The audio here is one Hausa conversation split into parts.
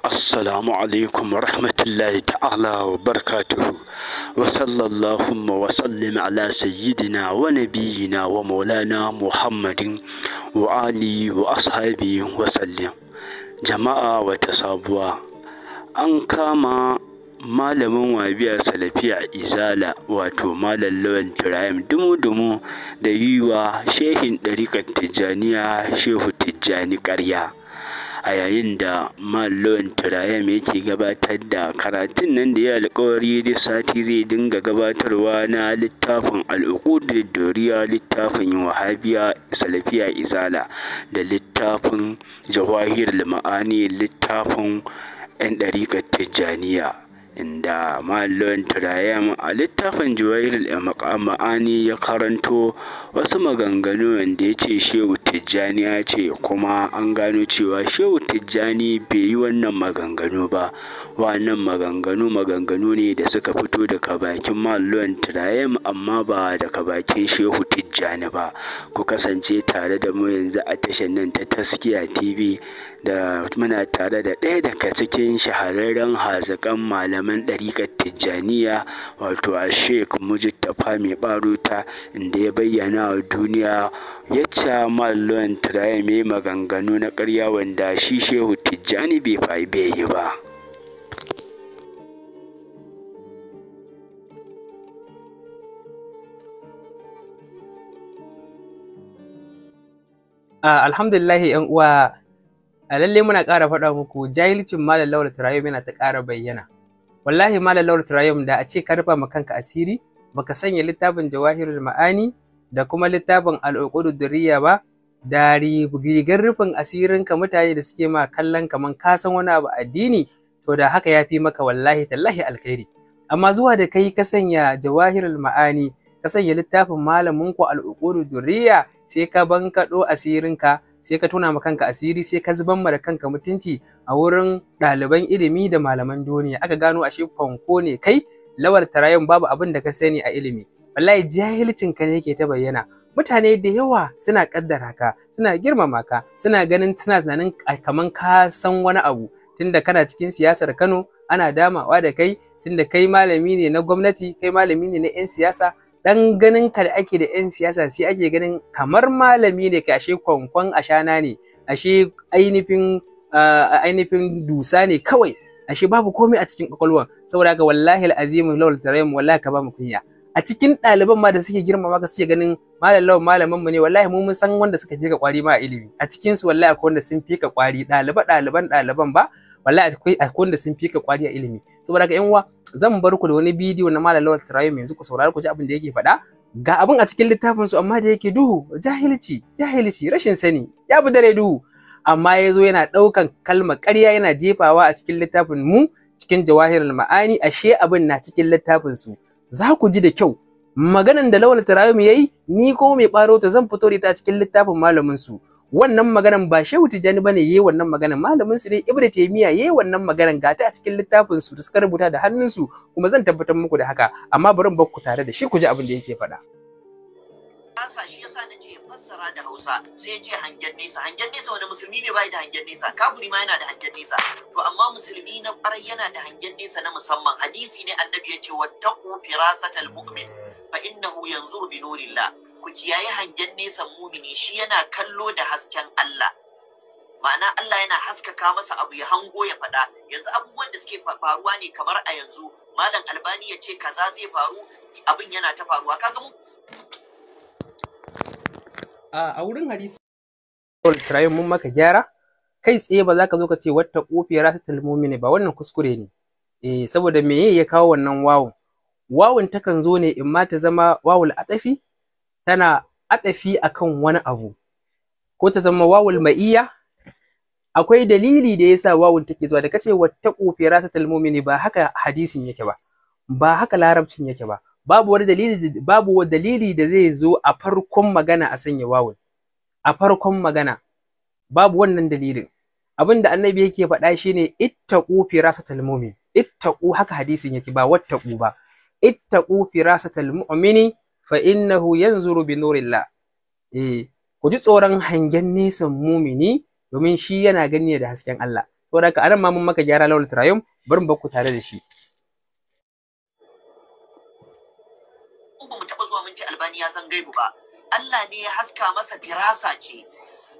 assalamu alaikum wa rahmatullahi ta'ala wa barakatuhu wa sallallahu wa sallim ala sayyidina wa nabiyina wa maulana muhammadin wa ali wa ashabi wa sallim jama'a wata sabuwa an kama malamin wabiya salafiya izala wato malam lawan turayim dumu-dumu da yiwa shehin ɗarikar tijjaniya shehu tijjani ƙarya a yayin da Marlon Turayen yake gabatar da karatun nan da ya alkawari da sati zai dinga gabatarwa na littafin da Doriya littafin Wahabiya Salafiya Izala da littafin jawahir Ma'ani littafin 'yan ɗarikar Tijjaniya. inda Maallon turayen a littafin Jawahirul Ma'ani ya karanto wasu maganganu wanda ya ce Shehu Tijjani ya ce kuma an gano cewa Shehu Tijjani bai yi wannan maganganu ba wannan maganganu maganganu ne da suka fito daga bakin Maallon turayen amma ba daga bakin Shehu Tijjani Tijjani ba. Ku kasance tare da mu yanzu a tashar nan ta Taskiya TV da muna tare da ɗaya daga cikin shahararren hazakan malaman ɗarikar Tijjaniya wato a Sheikh Mujtafa mai ɓarota inda ya bayyana wa duniya yacca malon turai mai maganganu na ƙarya wanda shi Shehu Tijjani bai yi ba. Ah, alhamdulillah yan uwa a ah, lalle muna ƙara faɗa muku jahilcin malam laura turayum yana ta ƙara bayyana wallahi malam laura turayum da a ce ka rufa kanka asiri baka sanya littafin jawahirul ma'ani da kuma littafin al'uqudu duriya ba da rigar rufin ka mutane da suke ma kallon kaman ka san wani abu addini to da haka ya fi maka wallahi tallahi alkhairi amma zuwa da kai ka sanya jawahirul ma'ani ka sanya littafin malamin ku al'uqudu duriya sai ka bankaɗo asirinka sai ka tona ma kanka asiri sai ka zuban da kanka mutunci a wurin ɗaliban ilimi da malaman duniya aka gano ashe fanko ne kai lawar tarayon babu abin da ka sani a ilimi wallahi jahilcin ka ne yake ta bayyana mutane da yawa suna kaddara ka suna girmama ka suna ganin suna tunanin kaman ka san wani abu tunda kana cikin siyasar Kano ana damawa da kai tunda kai malami ne na gwamnati kai malami ne na 'yan siyasa dan ganin ka da ake da 'yan siyasa sai ake ganin kamar malami ne ka ashe kwankwan ashana ne ashe ainihin ah, ainihin dusa ne kawai ashe babu komai a cikin kwakwalwa saboda haka wallahi al'azim lawal tarayum wallahi ka ba mu kunya a cikin ɗaliban ma da suke girmama ka suke ganin malam lawan malaman mu ne wallahi mu mun san wanda suka fika kwari ma a ilimi a cikin su wallahi akwai wanda sun fika kwari ɗaliba ɗaliban ɗaliban ba wallahi akwai wanda sun fika kwari a ilimi saboda haka yan uwa zan bar ku da wani bidiyo na Malam Lawal Tarayyum yanzu ku saurari ku ji abin da yake faɗa ga abin a cikin littafin su amma da yake duhu jahilci jahilci rashin sani ya bi dare duhu amma ya zo yana ɗaukan kalmar ƙarya yana jefawa a cikin littafin mu cikin jawahirul ma'ani ashe abin na cikin littafin su za ku ji da kyau maganan da Lawal ya yayi ni ko mai ɓaro ta zan fito da ita cikin littafin malamin su wannan maganan ba Shehu Tijjani bane yayi wannan maganan malamin su ne Ibn Taymiya yayi wannan maganan gata a cikin littafin su da suka rubuta da hannun su kuma zan tabbatar muku da haka amma bari mu tare da shi ku ji abin da yake faɗa Hausa shi yasa na ce fassara da Hausa sai ce hangen nesa hangen nesa wani musulmi ne bai da hangen nesa kafiri ma yana da hangen nesa to amma musulmi na ƙwarai yana da hangen nesa na musamman hadisi ne annabi ya ce wattaqu firasatal mu'min fa innahu yanzuru bi nurillah ku yi hangen nesa mumini shi yana kallo da hasken Allah ma'ana Allah yana haskaka masa abu ya hango ya faɗa yanzu abubuwan da suke faruwa ne kamar a yanzu malam albani ya ce kaza zai faru abin yana ta faruwa kaga mu a wurin hadisi mun maka gyara kai tsaye ba za ka zo ka ce wata kofiyar ta talmomi ne ba wannan kuskure ne eh saboda meye ya kawo wannan wawun wawun takan zo ne in ma ta zama wawul atafi tana atsafi akan wani abu ko ta zama wawul ma'iyya akwai dalili da yasa wawul take zuwa da kace wattaqu firasatal mu'mini ba haka hadisin yake ba ba haka larabcin yake ba babu wani dalili babu wani dalili da zai zo a farkon magana a sanya wawul a farkon magana babu wannan dalilin abin da annabi yake faɗa shine ittaqu firasatal mu'min ittaqu haka hadisin yake ba wattaqu ba ittaqu firasatal mu'mini fa innahu yanzuru bi nurillah eh ku ji tsoron hangen nesan mumini domin shi yana gani da hasken Allah saboda ka anan ma mun maka gyara lawal tarayum bari bakku tare da shi zuwa albani ya san gaibu ba Allah ne ya haska masa firasa ce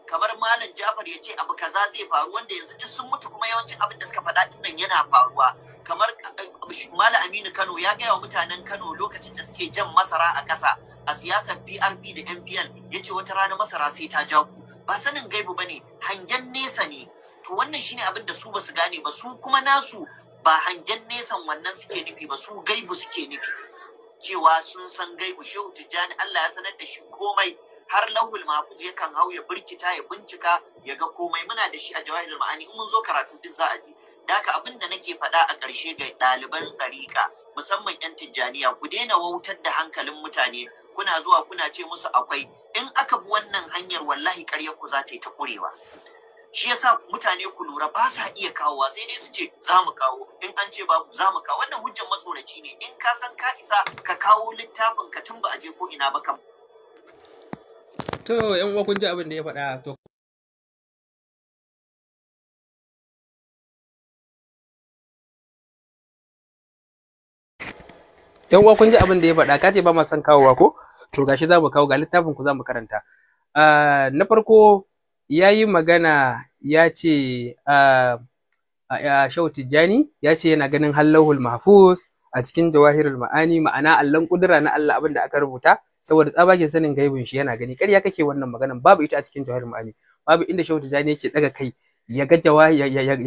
kamar malam Jafar ya ce abu kaza zai faru wanda yanzu duk sun mutu kuma yawancin abin da suka faɗa din nan yana faruwa kamar eh, Mala Aminu Kano ya gaya wa mutanen Kano lokacin da suke jan masara a ƙasa a siyasar BRP da MPN ya ce wata rana masara sai ta ja ku ba sanin gaibu ba ne hangen nesa ne to wannan shine abin da su ba su gane ba su kuma nasu ba hangen nesan wannan suke nufi ba su gaibu suke nufi cewa sun san gaibu shehu tijjani Allah ya sanar da shi komai har lahul mahfuz yakan hau ya birkita ya bincika ya ga komai muna da shi a jawahirul ma'ani in mun zo karatu duk za a je Daka abin da nake faɗa a ƙarshe ga ɗaliban ɗariƙa musamman 'yan Tijjaniya ku daina wautar da hankalin mutane kuna zuwa kuna ce musu akwai in aka bi wannan hanyar wallahi ƙaryar ku za ta yi ta ƙurewa. Shi yasa mutane ku lura ba sa iya kawowa sai dai su ce za mu kawo in an ce babu za mu kawo wannan hujjar matsoraci ne in ka san ka isa ka kawo littafin ka tun ba a je ko ina ba kam. To 'yan uwa kun ji abin da ya faɗa to yan uwa kun ji abin da ya faɗa kace ba ma son kawowa ko to gashi za mu kawo ga littafin ku za mu karanta ah, na farko yayi magana ya ce ah, ah, Shau Tijjani ya ce yana ganin Hallahul Mahfuz a cikin Jawahirul Ma'ani ma'ana allan kudura na Allah abin da aka rubuta saboda tsabagen sanin gaibin shi yana gani ƙarya kake wannan maganan babu ita a cikin Jawahirul Ma'ani babu inda Shau Tijjani yake daga kai ya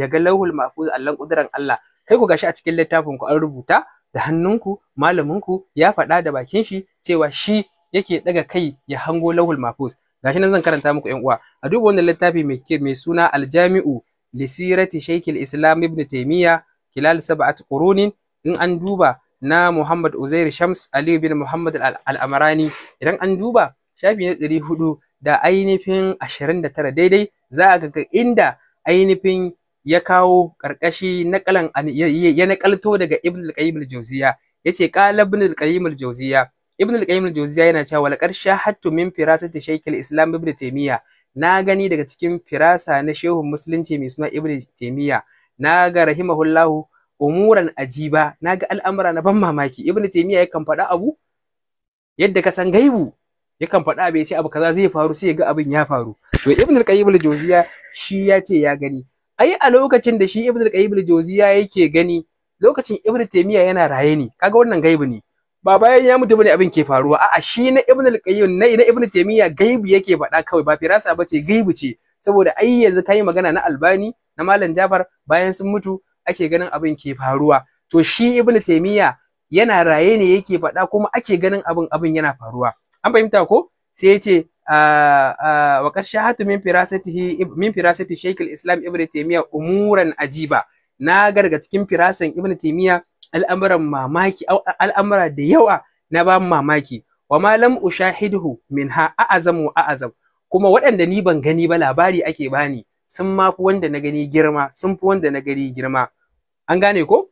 ga Lahul Mahfuz allan kuduran Allah kai ku gashi a cikin littafin ku an rubuta da hannunku malaminku ya faɗa da bakin shi cewa shi yake ɗaga kai ya hango lahul mafus gashi nan zan karanta muku yan uwa a duba wannan littafi mai mai suna aljami'u li sirati shaykh islam ibn taymiya khilal sab'at qurunin in an duba na Muhammad Uzair Shams Ali bin Muhammad al-Amrani idan an duba shafi na 400 da ainihin 29 daidai za a ga inda ainihin ya kawo karkashi nakalan ya nakalto daga ibn al-qayyim al-jawziya yace qala ibn al-qayyim al-jawziya ibn al-qayyim al-jawziya yana cewa laqad shahadtu min firasati shaykh al-islam ibn taymiya na gani daga cikin firasa na shehun musulunci mai suna ibn taymiya na ga rahimahullah umuran ajiba na ga al'amura na ban mamaki ibn taymiya yakan faɗa abu yadda ka san gaibu yakan faɗa abu ya ce abu kaza zai faru sai ya ga abin ya faru to ibn al-qayyim al-jawziya shi yace ya gani ai a lokacin da shi ibnu al-qayyim al-jawziya yake gani lokacin ibnu taymiya yana raye ne kaga wannan gaibi ne ba bayan ya mutu bane abin ke faruwa a'a shi na ibnu al-qayyim na ina ibnu taymiya gaibi yake faɗa kawai ba firasa bace gaibi ce saboda ai yanzu kai magana na albani na malam jafar bayan sun mutu ake ganin abin ke faruwa to shi ibnu taymiya yana raye ne yake faɗa kuma ake ganin abin abin yana faruwa an fahimta ko sai ya ce wa qad shahatu min firasatihi min firasati shaykh al-islam ibn taymiya umuran ajiba na garga cikin firasan ibn taymiya al'amuran mamaki al'amura da yawa na ba mamaki wa ma lam ushahiduhu minha a'azam wa a'azam kuma waɗanda ni ban gani ba labari ake bani sun ma fi wanda na gani girma sun fi wanda na gani girma an gane ko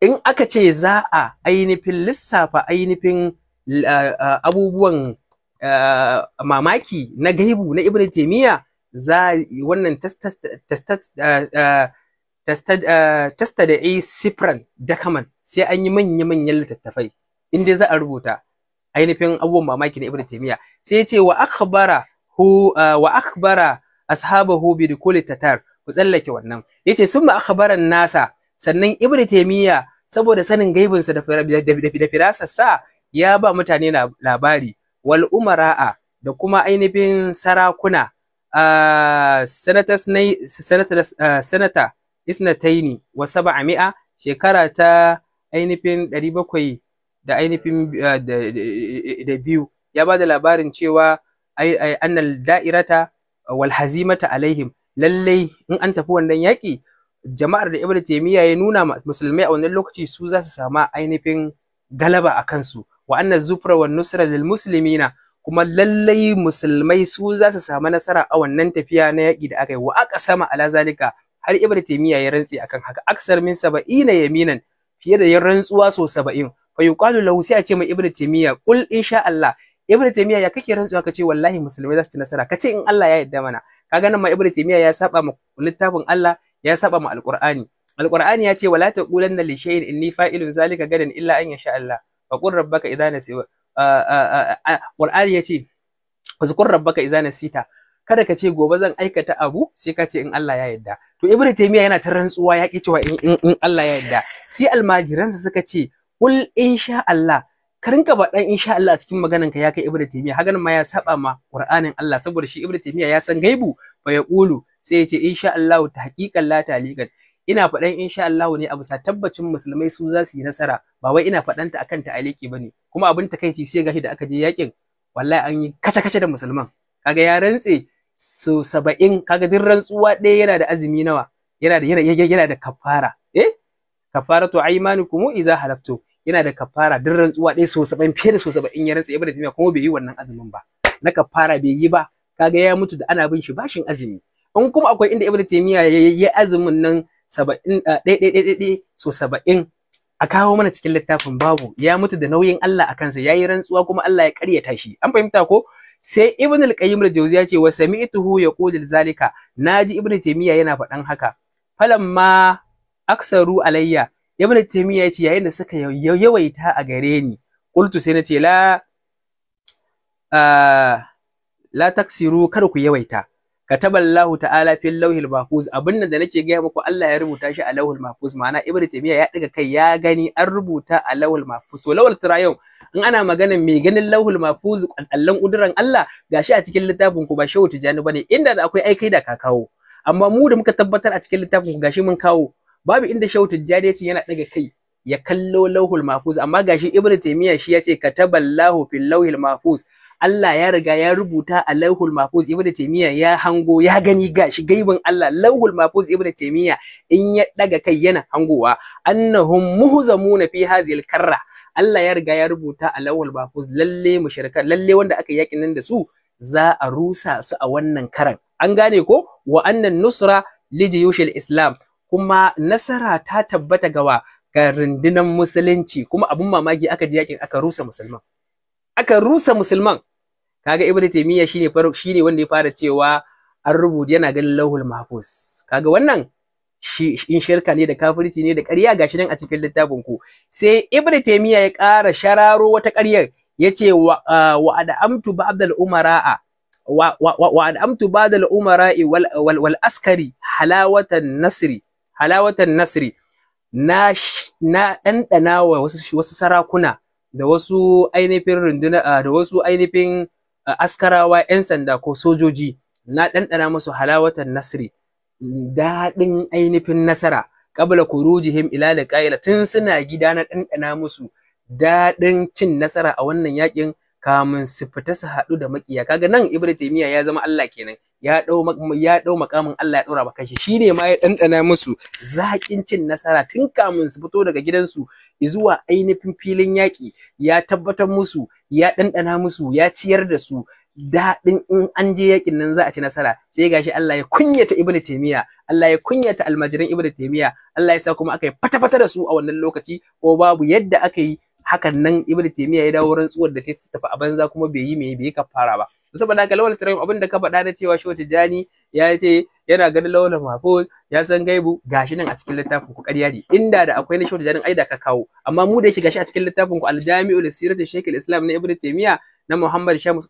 in aka ce za a ainihin lissafa ainihin abubuwan Eh, mamaki na gaibu na ibn jamiya za wannan tasta eh, eh, da sifran dakaman sai an yi manya-manyan littattafai inda za a rubuta ainihin abubuwan mamaki na ibn jamiya sai ce wa akhbara hu wa akhbara ashabahu bi dukuli tatar ku tsallake wannan Ya ce yace ma akhbaran nasa sannan ibn taimiyya saboda sanin gaibinsa da sa ya ba mutane labari wal umara'a da kuma ainihin sarakuna sanata isnataini wa saba'a mi'a shekara ta ainihin ɗari bakwai da ainihin da biyu ya ba da labarin cewa annal da'irata wal hazimata alaihim lallai in an tafi wannan yaƙi jama'ar da ibada taymiya ya nuna musulmai a wannan lokaci su za su sama ainihin galaba a kansu Wa'annan anna zufra wan nusra lil kuma lallai musulmai su zasu samu nasara a wannan tafiya na yaƙi da aka yi wa aka sama ala zalika har ibnu taymiya ya rantse akan haka aksar min saba'ina yaminan fiye da ya rantsuwa so saba'in fa yuqalu lahu sai a ce mai ibnu taymiya qul insha Allah ibnu taymiya ya kake rantsuwa kace wallahi musulmai za su ci nasara kace in Allah ya yarda mana kaga nan ma ibnu taymiya ya saba ma littafin Allah ya saba ma alqur'ani Alƙur'ani ya ce wala taqulanna li in ni fa'ilun zalika gadan illa an sha Allah fa rabbaka idza nasi wal ali yace rabbaka idza kada ka ce gobe zan aikata abu sai ka ce in Allah ya yarda to ibnu taymiya yana ta rantsuwa ya ki cewa in Allah ya yarda sai almajiransa suka ce kul insha Allah ka rinka dan insha Allah a cikin maganan ka ya kai ibnu taymiya hagan ma ya saba ma Qur'anin Allah saboda shi ibnu taymiya ya san gaibu fa ya kulu sai ya ce insha Allah ta haqiqan la taliqan ina faɗan insha Allah ne a bisa tabbacin musulmai su za su yi nasara ba wai ina faɗan ta akan ba bane kuma abin ta takaici sai gashi da aka je yakin wallahi an yi kace kace da musulman kaga ya rantse su saba'in kaga din rantsuwa ɗaya yana da azumi nawa yana da yana da kafara eh kafaratu aymanukum idza halaftu yana da kafara din rantsuwa ɗaya su saba'in fiye da su saba'in ya rantse ya bada kuma bai yi wannan azumin ba na kafara bai yi ba kaga ya mutu da ana bin shi bashin azumi in kuma akwai inda ibnu taymiya ya yi azumin nan saba'in eh, so saba'in a kawo mana cikin littafin babu ya mutu da nauyin Allah a kansa ya yi rantsuwa kuma Allah ya karyata shi an fahimta ko sai ibn al-qayyim al-jawziya ce wa sami'tuhu yaqulu zalika naji ibn taymiya yana faɗan haka falamma aksaru alayya ibn taymiya yace yayin da suka yawaita a gare ni qultu sai nace la ah, la taksiru kada ku yawaita kataballahu ta'ala في اللوح المحفوظ abin da nake gaya muku Allah ya rubuta shi a lawhul mahfuz Mana ibnu taymiya ya diga kai ya gani an rubuta a lawhul mahfuz to lawal yau, in ana magana mai ganin lawhul mahfuz allan kuduran Allah gashi a cikin littafin ku ba shehu tijani bane inda da akwai aikai da ka kawo amma mu da muka tabbatar a cikin littafin ku gashi mun kawo babu inda shehu tijani yace yana diga kai ya kallo lawhul mahfuz amma gashi ibnu taymiya shi yace kataballahu fil lawhil mahfuz Allah ya riga ya rubuta a lauhul mahfuz ibnu taymiya ya hango ya gani gashi gaibin Allah lauhul mahfuz ibnu taymiya in ya daga kai yana hangowa annahum muhzamuna fi hazil karra Allah ya riga ya rubuta a lauhul mahfuz lalle mushrika lalle wanda aka yakin nan da su za a rusa su a wannan karan an gane ko wa annan nusra lijiyushil islam kuma nasara ta tabbata gawa ga rundunar musulunci kuma abun mamaki aka ji yakin aka rusa musulman aka rusa musulman kaga ibnu taymiya shine shine wanda ya fara cewa an rubuta yana ganin lauhul mahfuz kaga wannan in shirka ne da kafirci ne da ƙarya gashi nan a cikin littafin ku sai ibnu taymiya ya ƙara shararo wata ƙaryar yace wa wa adamtu ba'dal umara'a wa wa adamtu ba'dal umara'i wal wal askari halawatan nasri halawatan nasri na na dandana wa wasu sarakuna da wasu ainihin runduna ah, da wasu ainihin ah, askarawa 'yan sanda ko sojoji na ɗanɗana musu halawatan nasri daɗin ainihin nasara kabla kurujihim ila ƙa'ila tun suna gida na ɗanɗana musu daɗin cin nasara a wannan yakin kamun su fita su haɗu da makiya kaga nan Ibrahim ya zama Allah kenan ya dau ya makamin Allah ya daura kashi. shi shine ma ya ɗanɗana musu zaƙin cin nasara tun kamun su fito daga gidansu zuwa ainihin filin yaƙi. ya tabbatar musu ya ɗanɗana musu ya ciyar da su daɗin in an je yaƙin nan za a ci nasara sai gashi Allah ya kunyata Ibn Taymiya Allah ya kunyata almajirin Ibn Taymiya Allah ya sa kuma aka yi fata-fata da su a wannan lokaci ko babu yadda aka yi hakan nan ibnu taymiya ya dawo tsuwar da ta tafi a banza kuma bai yi mai bai kafara ba saboda haka lawal tarayim abin da ka faɗa na cewa wata jani ya ce yana ganin lawal mahfuz ya san gaibu gashi nan a cikin littafin ku ƙarya ne inda da akwai na shehu tijani ai da ka kawo amma mu da yake gashi a cikin littafin ku aljami'u lisiratu shaykhul islam na ibnu taymiya na Muhammad Shams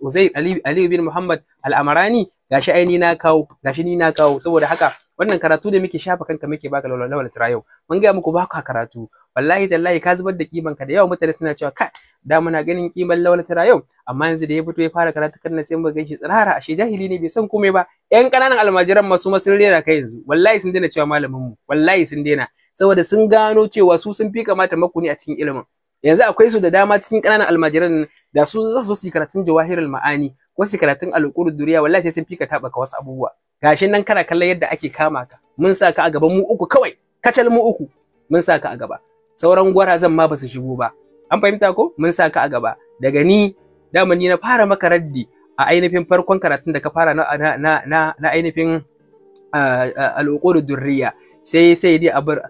Uzair Aliyu bin Muhammad Al-Amrani gashi ai ni na kawo gashi ni na kawo saboda haka wannan karatu da muke shafa kanka muke baka lawal tira yau mun ga muku baka karatu wallahi tallahi ka zubar da kiman ka da yawa mutane suna cewa kai da muna ganin kiman lawal tira yau amma yanzu da ya fito ya fara karatu kan sai mu shi tsirara ashe jahili ne bai san komai ba yan kananan almajiran masu masun da kai yanzu wallahi sun daina cewa malamin mu wallahi sun daina saboda sun gano cewa su sun fi kamata maku ne a cikin ilimin yanzu akwai su da dama cikin kananan almajiran da su za su zo su karatun jawahirul ma'ani ko su karatun alƙur'an duriya wallahi sai sun fika taba ka wasu abubuwa gashin nan kana kallon yadda ake kama ka mun sa ka a gaban mu uku kawai kacal mu uku mun sa ka a gaba sauran gwarazan ma ba su shigo ba an fahimta ko mun sa ka a gaba daga ni dama ni na fara maka raddi a ainihin farkon karatun da ka fara na na na, ainihin alƙur'an duriya sai sai dai abar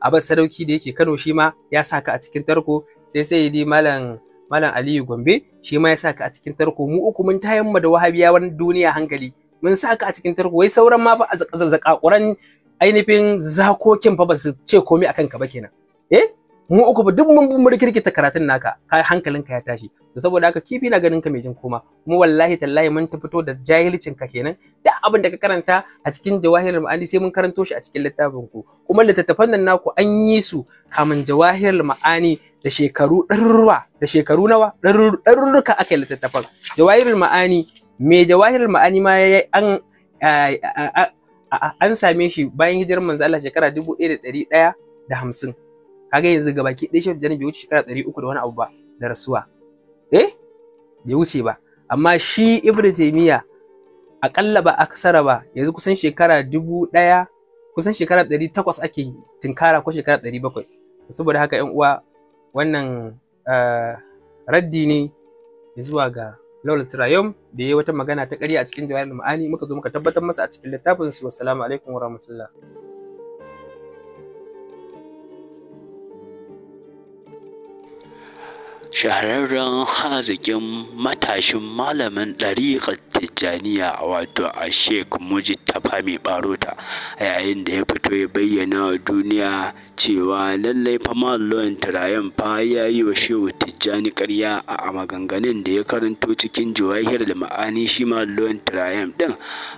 abar sadauki da yake Kano shi ma ya saka a cikin tarko sai sai dai malam Malam Aliyu Gombe shi ma ya saka a cikin tarko mu uku mun tayan mu da wahabiyawan duniya hankali mun saka a cikin tarko wai sauran ma ba a zakakuran ainihin zakokin fa ba su ce komai akan ka ba kenan eh mu uku ba duk mun murkirkita karatun naka kai hankalinka ya tashi to saboda haka kifi na ganin ka mai jin koma kuma wallahi tallahi mun ta fito da jahilcin ka kenan da abin da ka karanta a cikin jawahirul ma'ani sai mun karanto shi a cikin littafin ku kuma littattafan nan naku an yi su kamin jawahirul ma'ani da shekaru ɗaruruwa da shekaru nawa ɗarurruka aka yi littattafan jawahirul ma'ani mai jawahirul ma'ani ma an an same shi bayan hijirar manzo Allah shekara dubu ɗaya ɗaya da hamsin kaga yanzu gabaki ɗaya shehu tijjani bai wuce shekara ɗari uku da wani abu ba da rasuwa eh bai wuce ba amma shi ibnu taymiya akalla ba aksara ba yanzu kusan shekara dubu ɗaya kusan shekara ɗari takwas ake tinkara ko shekara ɗari bakwai saboda haka yan uwa wannan eh, raddi ne zuwa ga Lawal Tirayom da ya wata magana ta ƙarya a cikin jawahirul ma'ani muka zo muka tabbatar masa a cikin littafin su wassalamu alaikum warahmatullahi shahararren haziƙin matashin malamin ɗariƙar Tijjaniya wato a Sheikh Mujtaba Mai Barota a yayin da ya fito ya bayyana wa duniya cewa lallai fa malon turayen fa ya yi wa Shehu Tijjani karya a maganganun da ya karanto cikin Jawahir Ma'ani shi Maulana Tirayam ɗin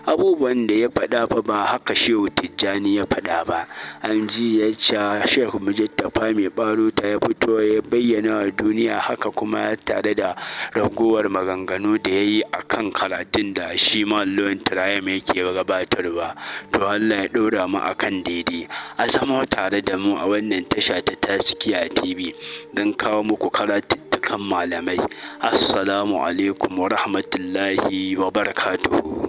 abubuwan da ya faɗa fa ba haka Shehu Tijjani ya faɗa ba an ji ya ca Shehu Mujattafa mai ɓaro ta ya fito ya bayyana wa duniya haka kuma tare da ragowar maganganu da ya yi a kan karatun da shi Maulana Tirayam yake gabatarwa to Allah ya ɗora mu a kan daidai a zama tare da mu a wannan tasha ta Taskiya TV don kawo muku karatun. karatuttukan malamai assalamu alaikum wa rahmatullahi wa barakatuhu